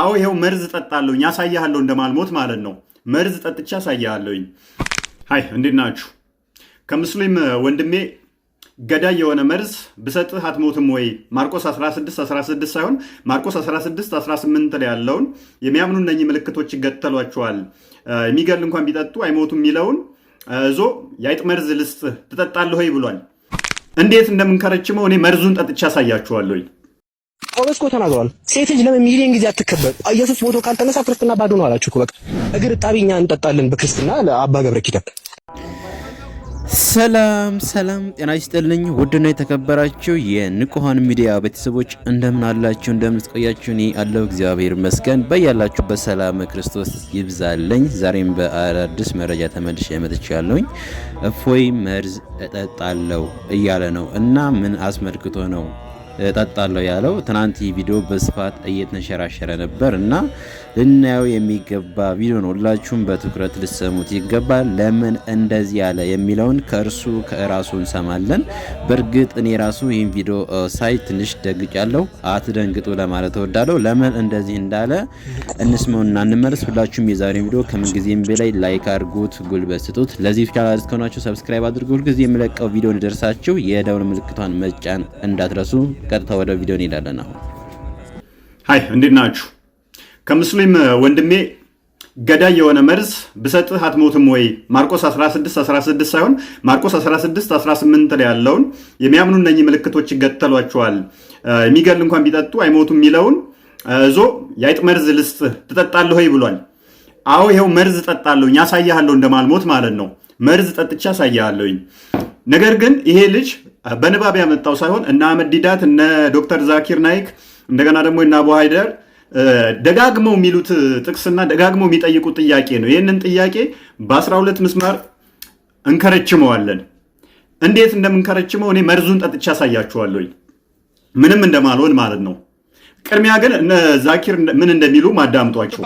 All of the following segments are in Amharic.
አዎ ይኸው መርዝ ጠጣለሁኝ ያሳያለሁ እንደማልሞት ማለት ነው። መርዝ ጠጥቼ ያሳያለሁኝ። ሀይ እንዴት ናችሁ? ከምስሉም ወንድሜ ገዳይ የሆነ መርዝ ብሰጥህ አትሞትም ወይ? ማርቆስ 16 16 ሳይሆን ማርቆስ 16 18 ላይ ያለውን የሚያምኑ እነኚህ ምልክቶች ይገተሏቸዋል፣ የሚገል እንኳን ቢጠጡ አይሞቱም የሚለውን እዞ የአይጥ መርዝ ልስጥህ ትጠጣለህ ወይ ብሏል። እንዴት እንደምንከረችመው እኔ መርዙን ጠጥቼ ያሳያችኋለሁኝ። ጳውሎስ እኮ ተናግሯል። ሴት ልጅ ለምን ሚሊዮን ጊዜ አትከበር? ኢየሱስ ሞቶ ካልተነሳ ክርስትና ባዶ ነው አላችሁ እኮ በቃ እግር ጣቢኛ እንጠጣለን በክርስትና ለአባ ገብረ ኪዳን። ሰላም ሰላም፣ ጤና ይስጥልኝ ውድና የተከበራችሁ የንቁሃን ሚዲያ ቤተሰቦች እንደምን አላችሁ? እንደምን ስቆያችሁ? እኔ አለሁ እግዚአብሔር ይመስገን። በያላችሁበት በሰላም ክርስቶስ ይብዛልኝ። ዛሬም በአዳዲስ መረጃ ተመልሼ መጥቻለሁኝ። እፎይ መርዝ እጠጣለሁ እያለ ነው እና ምን አስመልክቶ ነው እጠጣለሁ ያለው ትናንት ይህ ቪዲዮ በስፋት እየተንሸራሸረ ነበር እና ልናየው የሚገባ ቪዲዮ ነው። ሁላችሁም በትኩረት ልሰሙት ይገባል። ለምን እንደዚህ ያለ የሚለውን ከእርሱ ከራሱ እንሰማለን። በእርግጥ እኔ ራሱ ይህን ቪዲዮ ሳይ ትንሽ ደንግጫለሁ። አትደንግጡ ለማለት እወዳለሁ። ለምን እንደዚህ እንዳለ እንስመው እና እንመለስ። ሁላችሁም የዛሬ ቪዲዮ ከምንጊዜም በላይ ላይክ አድርጉት፣ ጉልበት ስጡት። ለዚህ ቻናል እስከሆናችሁ ሰብስክራይብ አድርጉ። ሁልጊዜ የምለቀው ቪዲዮ እንዲደርሳችሁ የደውል ምልክቷን መጫን እንዳትረሱ። ቀጥታ ወደ ቪዲዮ እንሄዳለን። አሁን ሀይ እንዴት ናችሁ? ከሙስሊም ወንድሜ ገዳይ የሆነ መርዝ ብሰጥህ አትሞትም ወይ? ማርቆስ 16 16 ሳይሆን ማርቆስ 16 18 ላይ ያለውን የሚያምኑ እነኚህ ምልክቶች ይገጠሏቸዋል፣ የሚገል እንኳን ቢጠጡ አይሞቱም የሚለውን እዞ የአይጥ መርዝ ልስጥህ ትጠጣለህ ወይ ብሏል። አዎ ይኸው መርዝ ጠጣለሁኝ ያሳያለሁ እንደማልሞት ማለት ነው። መርዝ ጠጥቼ ያሳያለሁኝ። ነገር ግን ይሄ ልጅ በንባብ ያመጣው ሳይሆን እነ አህመድ ዲዳት እነ ዶክተር ዛኪር ናይክ እንደገና ደግሞ እነ አቡ ሀይደር ደጋግመው የሚሉት ጥቅስና ደጋግመው የሚጠይቁት ጥያቄ ነው። ይህንን ጥያቄ በ12 ምስማር እንከረችመዋለን። እንዴት እንደምንከረችመው እኔ መርዙን ጠጥቼ አሳያችኋለሁኝ፣ ምንም እንደማልሆን ማለት ነው። ቅድሚያ ግን እነ ዛኪር ምን እንደሚሉ ማዳምጧቸው።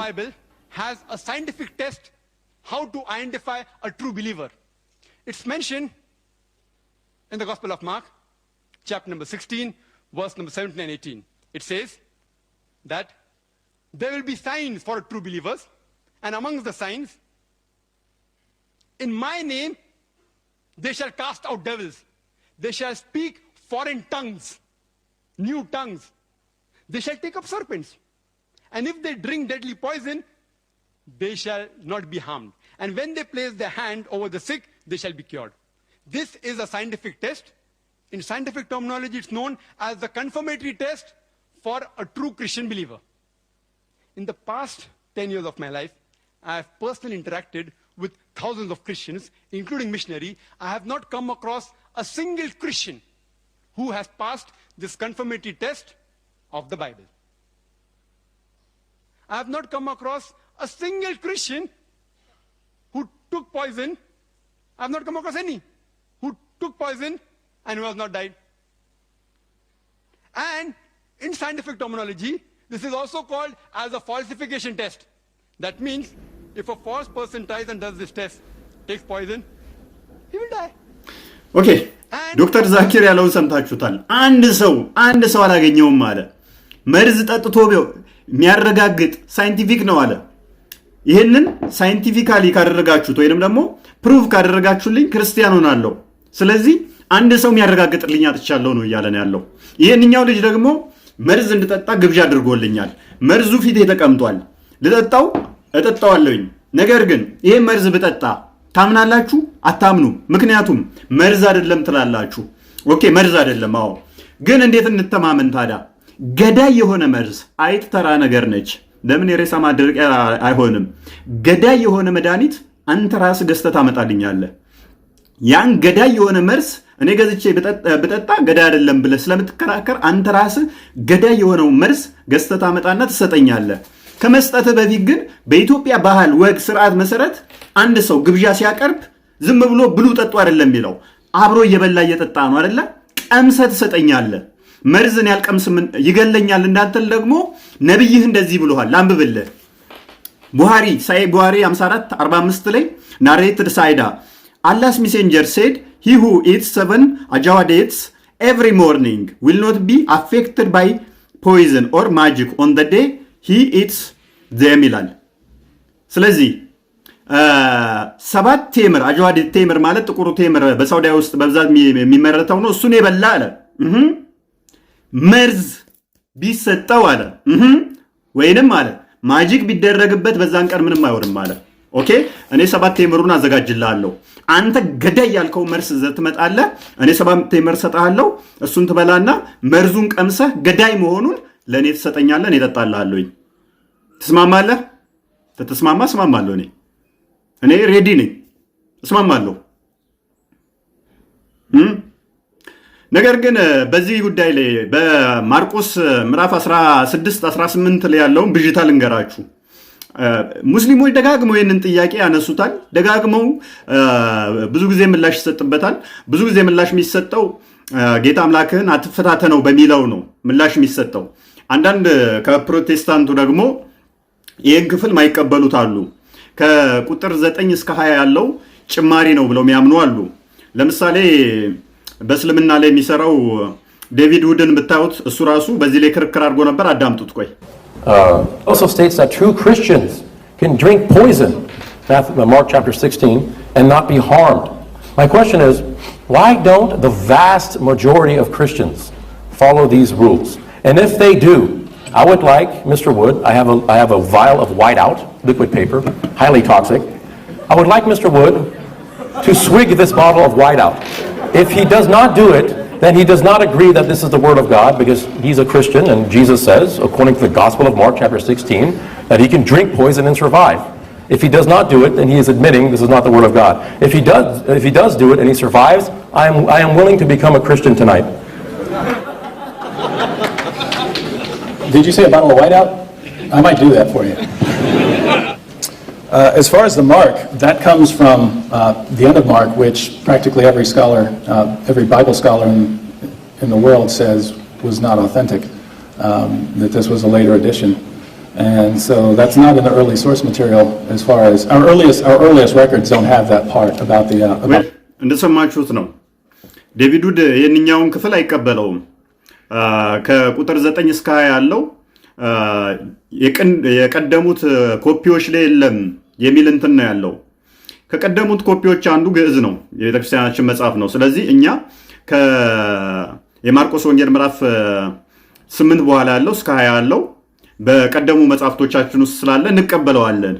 ቢሊቨር in the Gospel of Mark, chapter number 16, verse number 17 and 18. It says that there will be signs for true believers, and amongst the signs, in my name, they shall cast out devils. They shall speak foreign tongues, new tongues. They shall take up serpents. And if they drink deadly poison, they shall not be harmed. And when they place their hand over the sick, they shall be cured. This is a scientific test. In scientific terminology, it's known as the confirmatory test for a true Christian believer. In the past 10 years of my life, I have personally interacted with thousands of Christians, including missionary. I have not come across a single Christian who has passed this confirmatory test of the Bible. I have not come across a single Christian who took poison. I have not come across any. took poison, and who has not died. And in scientific terminology, this is also called as a falsification test. That means if a false person tries and does this test, takes poison, he will die. ኦኬ ዶክተር ዛኪር ያለውን ሰምታችሁታል። አንድ ሰው አንድ ሰው አላገኘውም አለ። መርዝ ጠጥቶ የሚያረጋግጥ ሳይንቲፊክ ነው አለ። ይህንን ሳይንቲፊካሊ ካደረጋችሁት ወይንም ደግሞ ፕሩቭ ካደረጋችሁልኝ ክርስቲያን ሆናለሁ ስለዚህ አንድ ሰው የሚያረጋግጥልኝ አጥቻለሁ ነው እያለ ነው ያለው። ይህንኛው ልጅ ደግሞ መርዝ እንድጠጣ ግብዣ አድርጎልኛል። መርዙ ፊቴ ተቀምጧል። ልጠጣው እጠጣዋለሁኝ። ነገር ግን ይህ መርዝ ብጠጣ ታምናላችሁ? አታምኑ። ምክንያቱም መርዝ አይደለም ትላላችሁ። ኦኬ መርዝ አይደለም። አዎ ግን እንዴት እንተማመን ታዲያ? ገዳይ የሆነ መርዝ አይጥ ተራ ነገር ነች። ለምን የሬሳ ማድረቂያ አይሆንም? ገዳይ የሆነ መድኃኒት አንተ ራስ ገዝተህ ታመጣልኛለህ። ያን ገዳይ የሆነ መርስ እኔ ገዝቼ ብጠጣ ገዳይ አይደለም ብለህ ስለምትከራከር አንተ ራስህ ገዳይ የሆነው መርስ ገዝተህ ታመጣና ትሰጠኛለህ። ከመስጠትህ በፊት ግን በኢትዮጵያ ባህል፣ ወግ፣ ስርዓት መሰረት አንድ ሰው ግብዣ ሲያቀርብ ዝም ብሎ ብሉ ጠጡ አይደለም የሚለው አብሮ እየበላ እየጠጣ ነው አይደለ? ቀምሰህ ትሰጠኛለህ። መርዝን ያልቀምስም ይገለኛል እንዳንተን ደግሞ ነቢይህ እንደዚህ ብሎሃል፣ ላንብብልህ። ቡሃሪ ሳይ ቡሃሪ 54 45 ላይ ናሬትድ ሳይዳ Allah's messenger said, He who eats seven Ajawa dates every morning will not be affected by poison or magic on the day he eats them ይላል። ስለዚህ ሰባት ቴምር አጃዋ ዴት ቴምር ማለት ጥቁሩ ቴምር በሳውዲያ ውስጥ በብዛት የሚመረተው ነው። እሱን የበላ አለ መርዝ ቢሰጠው አለ ወይንም አለ ማጂክ ቢደረግበት በዛን ቀን ምንም አይሆንም አለ። ኦኬ እኔ ሰባት ቴምሩን አዘጋጅልሃለሁ። አንተ ገዳይ ያልከው መርስ ዘ ትመጣለህ። እኔ ሰባት የምር ሰጠሃለሁ። እሱን ትበላና መርዙን ቀምሰህ ገዳይ መሆኑን ለእኔ ትሰጠኛለህ። እኔ እጠጣልሃለሁኝ። ትስማማለህ? ተተስማማ እስማማለሁ። እኔ እኔ ሬዲ ነኝ፣ እስማማለሁ። ነገር ግን በዚህ ጉዳይ ላይ በማርቆስ ምዕራፍ 16 18 ላይ ያለውን ብዥታ ልንገራችሁ። ሙስሊሞች ደጋግመው ይህንን ጥያቄ ያነሱታል። ደጋግመው ብዙ ጊዜ ምላሽ ይሰጥበታል። ብዙ ጊዜ ምላሽ የሚሰጠው ጌታ አምላክህን አትፈታተነው በሚለው ነው ምላሽ የሚሰጠው። አንዳንድ ከፕሮቴስታንቱ ደግሞ ይህን ክፍል ማይቀበሉት አሉ። ከቁጥር 9 እስከ 20 ያለው ጭማሪ ነው ብለው የሚያምኑ አሉ። ለምሳሌ በእስልምና ላይ የሚሰራው David ውድን ብታዩት እሱ ራሱ በዚህ ላይ ክርክር አድርጎ ነበር። አዳምጡት ቆይ። uh, also states that true Christians can drink poison uh, Mark chapter 16 and not be harmed. My question is, why don't the vast majority of Christians follow these rules? And if they do, I would like, Mr. Wood, I have a, I have a vial of whiteout, liquid paper, highly toxic. I would like Mr. Wood to swig this bottle of whiteout. If he does not do it, then he does not agree that this is the Word of God because he's a Christian and Jesus says, according to the Gospel of Mark, chapter 16, that he can drink poison and survive. If he does not do it, then he is admitting this is not the Word of God. If he does, if he does do it and he survives, I am, I am willing to become a Christian tonight. Did you say a bottle of whiteout? I might do that for you. Uh, as far as the mark, that comes from uh, the end of Mark, which practically every scholar, uh, every Bible scholar in, in, the world says was not authentic, um, that this was a later addition, And so that's not in the early source material as far as our earliest, our earliest records don't have that part about the. Uh, about እንደሰማችሁት ነው ዴቪድ ውድ የንኛውን ክፍል አይቀበለውም uh, ከቁጥር 9 እስከ 20 ያለው የቀደሙት ኮፒዎች ላይ የለም የሚል እንትን ነው ያለው። ከቀደሙት ኮፒዎች አንዱ ግዕዝ ነው፣ የቤተክርስቲያናችን መጽሐፍ ነው። ስለዚህ እኛ የማርቆስ ወንጌል ምዕራፍ ስምንት በኋላ ያለው እስከ ሀያ ያለው በቀደሙ መጽሐፍቶቻችን ውስጥ ስላለ እንቀበለዋለን።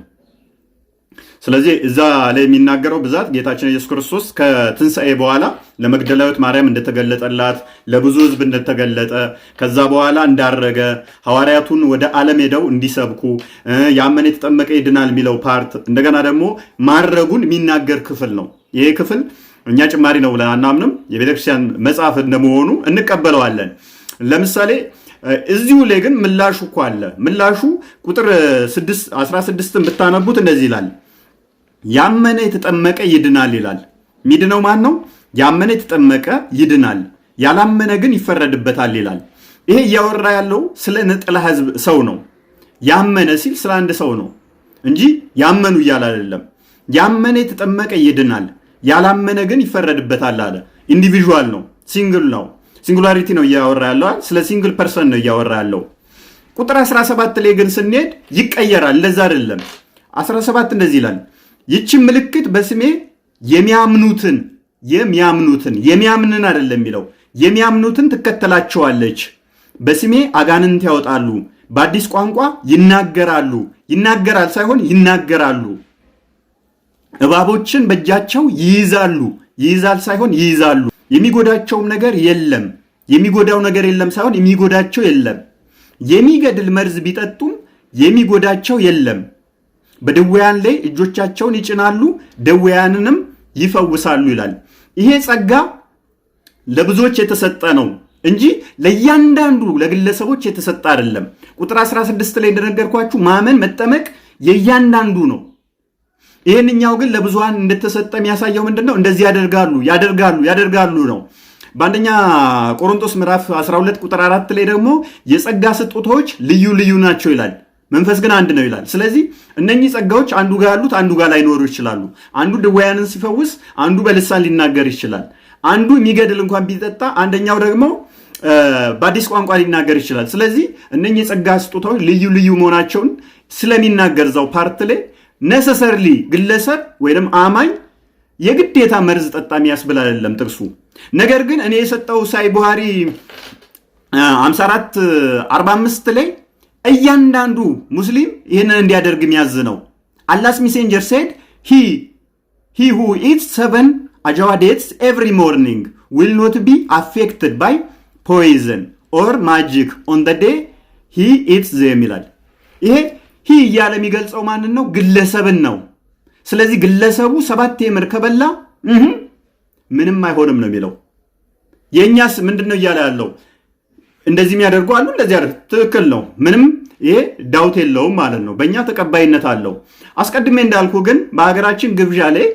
ስለዚህ እዛ ላይ የሚናገረው ብዛት ጌታችን ኢየሱስ ክርስቶስ ከትንሣኤ በኋላ ለመግደላዊት ማርያም እንደተገለጠላት፣ ለብዙ ሕዝብ እንደተገለጠ፣ ከዛ በኋላ እንዳረገ፣ ሐዋርያቱን ወደ ዓለም ሄደው እንዲሰብኩ ያመን የተጠመቀ ይድናል የሚለው ፓርት እንደገና ደግሞ ማድረጉን የሚናገር ክፍል ነው። ይሄ ክፍል እኛ ጭማሪ ነው ብለን አናምንም። የቤተክርስቲያን መጽሐፍ እንደመሆኑ እንቀበለዋለን። ለምሳሌ እዚሁ ላይ ግን ምላሹ እኮ አለ። ምላሹ ቁጥር 16ን ብታነቡት እንደዚህ ይላል ያመነ የተጠመቀ ይድናል ይላል። ሚድነው ማን ነው? ያመነ የተጠመቀ ይድናል፣ ያላመነ ግን ይፈረድበታል ይላል። ይሄ እያወራ ያለው ስለ ነጠላ ህዝብ ሰው ነው። ያመነ ሲል ስለ አንድ ሰው ነው እንጂ ያመኑ እያለ አይደለም። ያመነ የተጠመቀ ይድናል፣ ያላመነ ግን ይፈረድበታል አለ። ኢንዲቪዥዋል ነው፣ ሲንግል ነው፣ ሲንጉላሪቲ ነው እያወራ ያለው። ስለ ሲንግል ፐርሰን ነው እያወራ ያለው። ቁጥር 17 ላይ ግን ስንሄድ ይቀየራል። እንደዛ አይደለም። 17 እንደዚህ ይላል ይቺ ምልክት በስሜ የሚያምኑትን የሚያምኑትን የሚያምንን አይደለም የሚለው የሚያምኑትን ትከተላቸዋለች። በስሜ አጋንንት ያወጣሉ፣ በአዲስ ቋንቋ ይናገራሉ። ይናገራል ሳይሆን ይናገራሉ። እባቦችን በእጃቸው ይይዛሉ። ይይዛል ሳይሆን ይይዛሉ። የሚጎዳቸውም ነገር የለም። የሚጎዳው ነገር የለም ሳይሆን የሚጎዳቸው የለም። የሚገድል መርዝ ቢጠጡም የሚጎዳቸው የለም። በደዌያን ላይ እጆቻቸውን ይጭናሉ፣ ደዌያንንም ይፈውሳሉ ይላል። ይሄ ጸጋ ለብዙዎች የተሰጠ ነው እንጂ ለእያንዳንዱ ለግለሰቦች የተሰጠ አይደለም። ቁጥር 16 ላይ እንደነገርኳችሁ ማመን መጠመቅ የእያንዳንዱ ነው። ይህንኛው ግን ለብዙሃን እንደተሰጠ የሚያሳየው ምንድን ነው? እንደዚህ ያደርጋሉ ያደርጋሉ ያደርጋሉ ነው። በአንደኛ ቆሮንቶስ ምዕራፍ 12 ቁጥር 4 ላይ ደግሞ የጸጋ ስጦታዎች ልዩ ልዩ ናቸው ይላል። መንፈስ ግን አንድ ነው ይላል። ስለዚህ እነኚህ ጸጋዎች አንዱ ጋር ያሉት አንዱ ጋር ላይኖሩ ይችላሉ። አንዱ ድውያንን ሲፈውስ፣ አንዱ በልሳን ሊናገር ይችላል። አንዱ የሚገድል እንኳን ቢጠጣ፣ አንደኛው ደግሞ በአዲስ ቋንቋ ሊናገር ይችላል። ስለዚህ እነኚህ የጸጋ ስጦታዎች ልዩ ልዩ መሆናቸውን ስለሚናገር እዛው ፓርት ላይ ነሰሰርሊ ግለሰብ ወይም አማኝ የግዴታ መርዝ ጠጣሚ ያስብል አይደለም ጥቅሱ። ነገር ግን እኔ የሰጠው ሳይ ቡሃሪ 54 45 ላይ እያንዳንዱ ሙስሊም ይህንን እንዲያደርግ የሚያዝ ነው። አላስ ሚሴንጀር ሴድ ሂ ሁ ኢትስ ሰቨን አጃዋ ዴትስ ኤቭሪ ሞርኒንግ ዊል ኖት ቢ አፌክትድ ባይ ፖይዘን ኦር ማጂክ ኦን ደ ዴ ሂ ኢትስ ዘም ይላል። ይሄ ሂ እያለ የሚገልጸው ማንን ነው? ግለሰብን ነው። ስለዚህ ግለሰቡ ሰባት የምር ከበላ ምንም አይሆንም ነው የሚለው። የእኛስ ምንድን ነው እያለ ያለው? እንደዚህ የሚያደርጉ አሉ፣ እንደዚህ ያደርጉ ትክክል ነው። ምንም ይሄ ዳውት የለውም ማለት ነው። በእኛ ተቀባይነት አለው። አስቀድሜ እንዳልኩ ግን በሀገራችን ግብዣ ላይ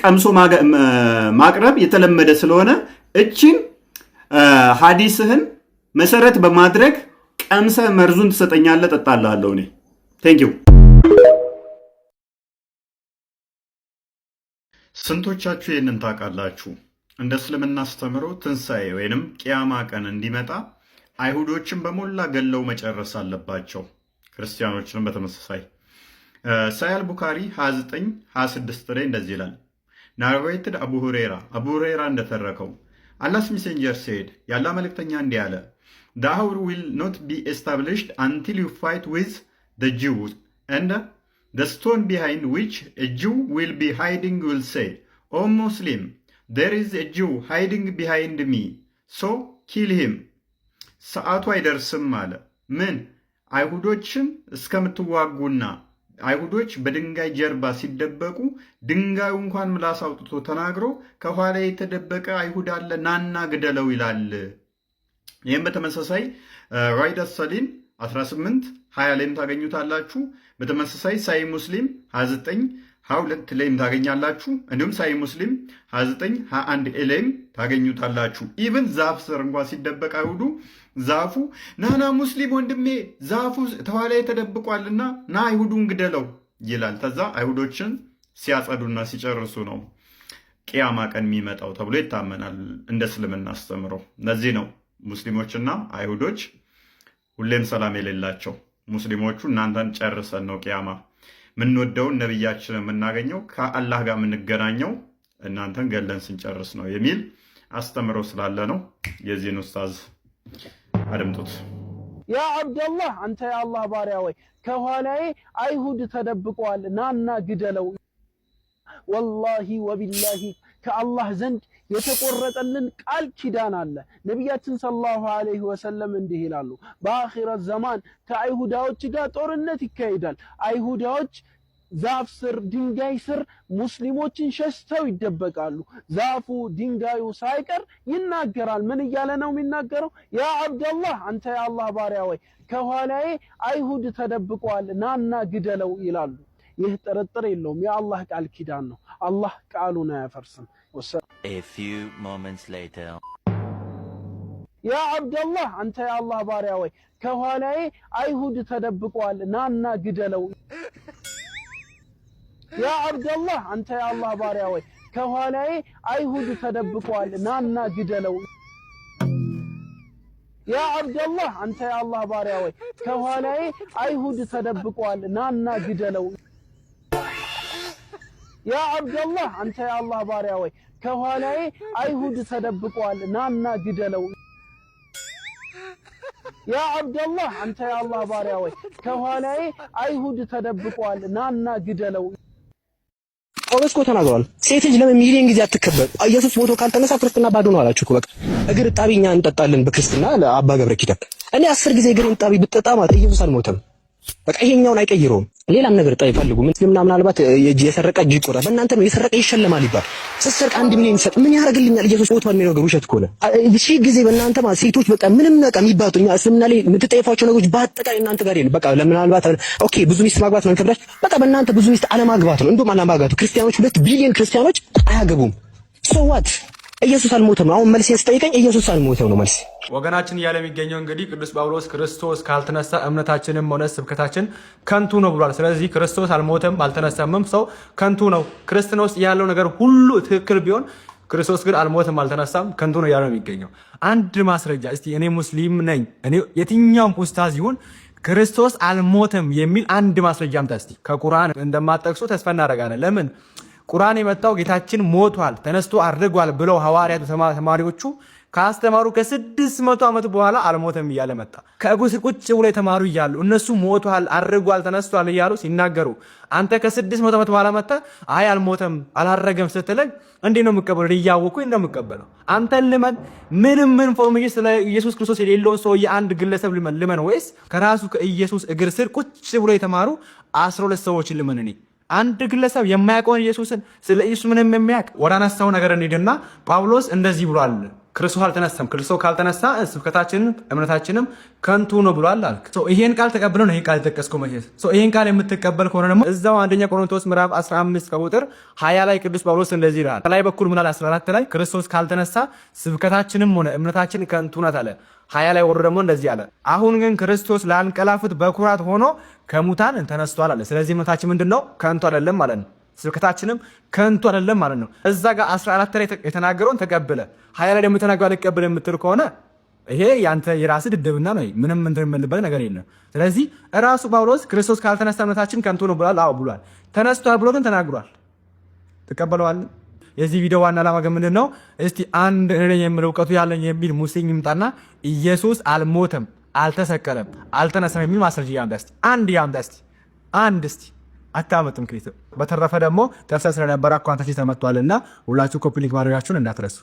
ቀምሶ ማቅረብ የተለመደ ስለሆነ እችን ሀዲስህን መሰረት በማድረግ ቀምሰ መርዙን ትሰጠኛለህ፣ ጠጣላለሁ። እኔ ቴንክ ስንቶቻችሁ ይህንን ታውቃላችሁ? እንደ እስልምና አስተምሮ ትንሣኤ ወይንም ቅያማ ቀን እንዲመጣ አይሁዶችን በሞላ ገለው መጨረስ አለባቸው። ክርስቲያኖችንም በተመሳሳይ ሳያል ቡካሪ 2926 ላይ እንደዚህ ይላል። ናሬትድ አቡ ሁሬራ አቡ ሁሬራ እንደተረከው አላስ ሜሴንጀር ሲሄድ ያላ መልእክተኛ እንዲህ አለ፣ ዳ ዊል ኖት ቢ ኤስታብሊሽድ አንቲል ዩ ፋይት ዊዝ ደ ጂው እንደ ደ ስቶን ቢሃይንድ ዊች አ ጂው ዊል ቢ ሃይዲንግ ዊል ሴይ ኦ ሙስሊም ዴር ኢዝ አ ጂው ሃይዲንግ ቢሃይንድ ሚ ሶ ኪል ሂም ሰዓቱ አይደርስም አለ። ምን አይሁዶችን እስከምትዋጉና አይሁዶች በድንጋይ ጀርባ ሲደበቁ ድንጋዩ እንኳን ምላስ አውጥቶ ተናግሮ ከኋላ የተደበቀ አይሁድ አለ ናና ግደለው ይላል። ይህም በተመሳሳይ ራይዳስ ሰሊን 18 20 ላይም ታገኙታላችሁ። በተመሳሳይ ሳይ ሙስሊም 29 22 ላይም ታገኛላችሁ። እንዲሁም ሳይ ሙስሊም 29 21 ላይም ታገኙታላችሁ። ኢቨን ዛፍ ስር እንኳ ሲደበቅ አይሁዱ ዛፉ ናና ሙስሊም ወንድሜ ዛፉ ተኋላይ ተደብቋልና ና አይሁዱን ግደለው ይላል። ተዛ አይሁዶችን ሲያጸዱና ሲጨርሱ ነው ቅያማ ቀን የሚመጣው ተብሎ ይታመናል እንደ እስልምና አስተምሮ። ለዚህ ነው ሙስሊሞችና አይሁዶች ሁሌም ሰላም የሌላቸው። ሙስሊሞቹ እናንተን ጨርሰን ነው ቅያማ የምንወደውን ነቢያችን የምናገኘው ከአላህ ጋር የምንገናኘው እናንተን ገለን ስንጨርስ ነው የሚል አስተምሮ ስላለ ነው የዚህን ኡስታዝ አድምጡት። ያ አብደላህ አንተ የአላህ ባሪያ ወይ ከኋላዬ አይሁድ ተደብቀዋል፣ ናና ግደለው። ወላሂ ወቢላሂ ከአላህ ዘንድ የተቆረጠልን ቃል ኪዳን አለ። ነቢያችን ሰለላሁ ዐለይሂ ወሰለም እንዲህ ይላሉ፣ በአኺረት ዘማን ከአይሁዳዎች ጋር ጦርነት ይካሄዳል። አይሁዳዎች ዛፍ ስር ድንጋይ ስር ሙስሊሞችን ሸሽተው ይደበቃሉ። ዛፉ ድንጋዩ ሳይቀር ይናገራል። ምን እያለ ነው የሚናገረው? ያ አብደላህ አንተ የአላህ ባሪያ ወይ ከኋላዬ አይሁድ ተደብቋል፣ ናና ግደለው ይላሉ። ይህ ጥርጥር የለውም የአላህ ቃል ኪዳን ነው። አላህ ቃሉን አያፈርስም። ያ አብደላህ አንተ የአላህ ባሪያ ወይ ከኋላዬ አይሁድ ተደብቋል፣ ናና ግደለው ያ አብደላህ አንተ የአላህ ባሪያ ወይ ከኋላዬ አይሁድ ተደብቋል ናና ግደለው። ያ አብደላህ አንተ የአላህ ባሪያ ወይ ከኋላዬ አይሁድ ተደብቋል ናና ግደለው። ያ አብደላህ አንተ የአላህ ባሪያ ወይ ከኋላዬ አይሁድ ተደብቋል ናና ግደለው። ያ አብደላህ አንተ የአላህ ባሪያ ወይ ከኋላዬ አይሁድ ተደብቋል ናና ግደለው። ጳውሎስ እኮ ተናግሯል። ሴት ልጅ ለምን ሚሊዮን ጊዜ አትከበር? ኢየሱስ ሞቶ ካልተነሳ ክርስትና ባዶ ነው አላችሁ እኮ በቃ። እግር እጣቢ እኛ እንጠጣለን በክርስትና ለአባ ገብረ ኪዳን። እኔ አስር ጊዜ እግር እጣቢ ብጠጣ ማለት ኢየሱስ አልሞተም በቃ ይሄኛውን አይቀይረውም። ሌላም ነገር ጣይ ፈልጉ። ምስልምና ምናልባት የሰረቀ እጅ ይቆራል፣ በእናንተ ነው የሰረቀ ይሸለማል ይባል። ስትሰርቅ አንድ ሚሊዮን ይሰጥ ምን ያደርግልኛል? ኢየሱስ ሞቷል የሚለው ነገር ውሸት ከሆነ ሺህ ጊዜ በእናንተ ማለት ሴቶች በቃ ምንም በቃ የሚባቱ እኛ እስልምና ላይ የምትጠይፏቸው ነገሮች በአጠቃላይ እናንተ ጋር የለም። በቃ ለምናልባት ኦኬ ብዙ ሚስት ማግባት መንከብዳች በቃ በእናንተ ብዙ ሚስት አለማግባት ነው። እንደውም አለማግባቱ ክርስቲያኖች ሁለት ቢሊዮን ክርስቲያኖች አያገቡም። ሶ ዋት ኢየሱስ አልሞተም ነው። አሁን መልስ ያስጠይቀኝ ኢየሱስ አልሞተም ነው መልስ። ወገናችን እያለ የሚገኘው እንግዲህ ቅዱስ ጳውሎስ ክርስቶስ ካልተነሳ እምነታችንም ሆነ ስብከታችን ከንቱ ነው ብሏል። ስለዚህ ክርስቶስ አልሞተም አልተነሳምም ሰው ከንቱ ነው። ክርስትና ውስጥ ያለው ነገር ሁሉ ትክክል ቢሆን ክርስቶስ ግን አልሞተም አልተነሳም ከንቱ ነው ያለው የሚገኘው አንድ ማስረጃ እስቲ እኔ ሙስሊም ነኝ እኔ የትኛውም ኡስታዝ ይሁን ክርስቶስ አልሞተም የሚል አንድ ማስረጃ አምጣ እስቲ። ከቁርአን እንደማጠቅሱ ተስፋ እናደርጋለን። ለምን ቁርአን የመጣው ጌታችን ሞቷል ተነስቶ አድርጓል ብለው ሐዋርያት ተማሪዎቹ ካስተማሩ ከስድስት መቶ ዓመት በኋላ አልሞተም እያለ መጣ። ከጉስ ቁጭ ብሎ የተማሩ እያሉ እነሱ ሞቷል፣ አድርጓል፣ ተነስቷል እያሉ ሲናገሩ አንተ ከስድስት መቶ ዓመት በኋላ መጣ። አይ አልሞተም፣ አላረገም ስትለኝ እንዴ ነው የምቀበለው? እያወቅኩኝ እንደ የምቀበለው። አንተ ልመን ምንም ኢንፎርሜሽን ስለ ኢየሱስ ክርስቶስ የሌለውን ሰው የአንድ ግለሰብ ልመን ልመን ወይስ ከራሱ ከኢየሱስ እግር ስር ቁጭ ብሎ የተማሩ አስራ ሁለት ሰዎችን ልመን እኔ አንድ ግለሰብ የማያውቀውን ኢየሱስን ስለ ኢየሱስ ምንም የሚያውቅ ወደ አነሳው ነገር እንሂድና ጳውሎስ እንደዚህ ብሏል። ክርስቶስ አልተነሳም። ክርስቶስ ካልተነሳ ስብከታችንም እምነታችንም ከንቱ ነው ብሏል አልክ። ይሄን ቃል ተቀብለ ነው ይሄ ቃል የተጠቀስከው። መቼስ ይሄን ቃል የምትቀበል ከሆነ ደግሞ እዛው አንደኛ ቆሮንቶስ ምዕራፍ 15 ከቁጥር 20 ላይ ቅዱስ ጳውሎስ እንደዚህ ይላል። ከላይ በኩል ምናል 14 ላይ ክርስቶስ ካልተነሳ ስብከታችንም ሆነ እምነታችን ከንቱ ናት አለ። ሀያ ላይ ወሩ ደግሞ እንደዚህ አለ፣ አሁን ግን ክርስቶስ ላንቀላፉት በኩራት ሆኖ ከሙታን ተነስቷል አለ። ስለዚህ እምነታችን ምንድን ነው? ከንቱ አይደለም ማለት ነው። ስብከታችንም ከንቱ አይደለም ማለት ነው። እዛ ጋር 14 ላይ የተናገረውን ተቀበለ፣ ሀያ ላይ ደግሞ የተናገረው አልቀበልም የምትል ከሆነ ይሄ ያንተ የራስህ ድድብና ነው። ምንም እንደምንልበት ነገር የለም። ስለዚህ እራሱ ጳውሎስ ክርስቶስ ካልተነሳ እምነታችን ከንቱ ነው ብሏል። አዎ ብሏል። ተነስቷል ብሎ ግን ተናግሯል። ትቀበለዋል። የዚህ ቪዲዮ ዋና ዓላማ ግን ምንድን ነው? እስቲ አንድ እኔ የምል እውቀቱ ያለኝ የሚል ሙስሊም ይምጣና ኢየሱስ አልሞተም፣ አልተሰቀለም፣ አልተነሳም የሚል ማስረጃ ያምጣ እስቲ። አንድ ያምጣ እስቲ። አንድ እስቲ አታመጡም ክሊክ። በተረፈ ደግሞ ተፍሰ ስለነበረ አኳንታችን ተመቷልና ሁላችሁ ኮፒ ሊንክ ማድረጋችሁን እንዳትረሱ።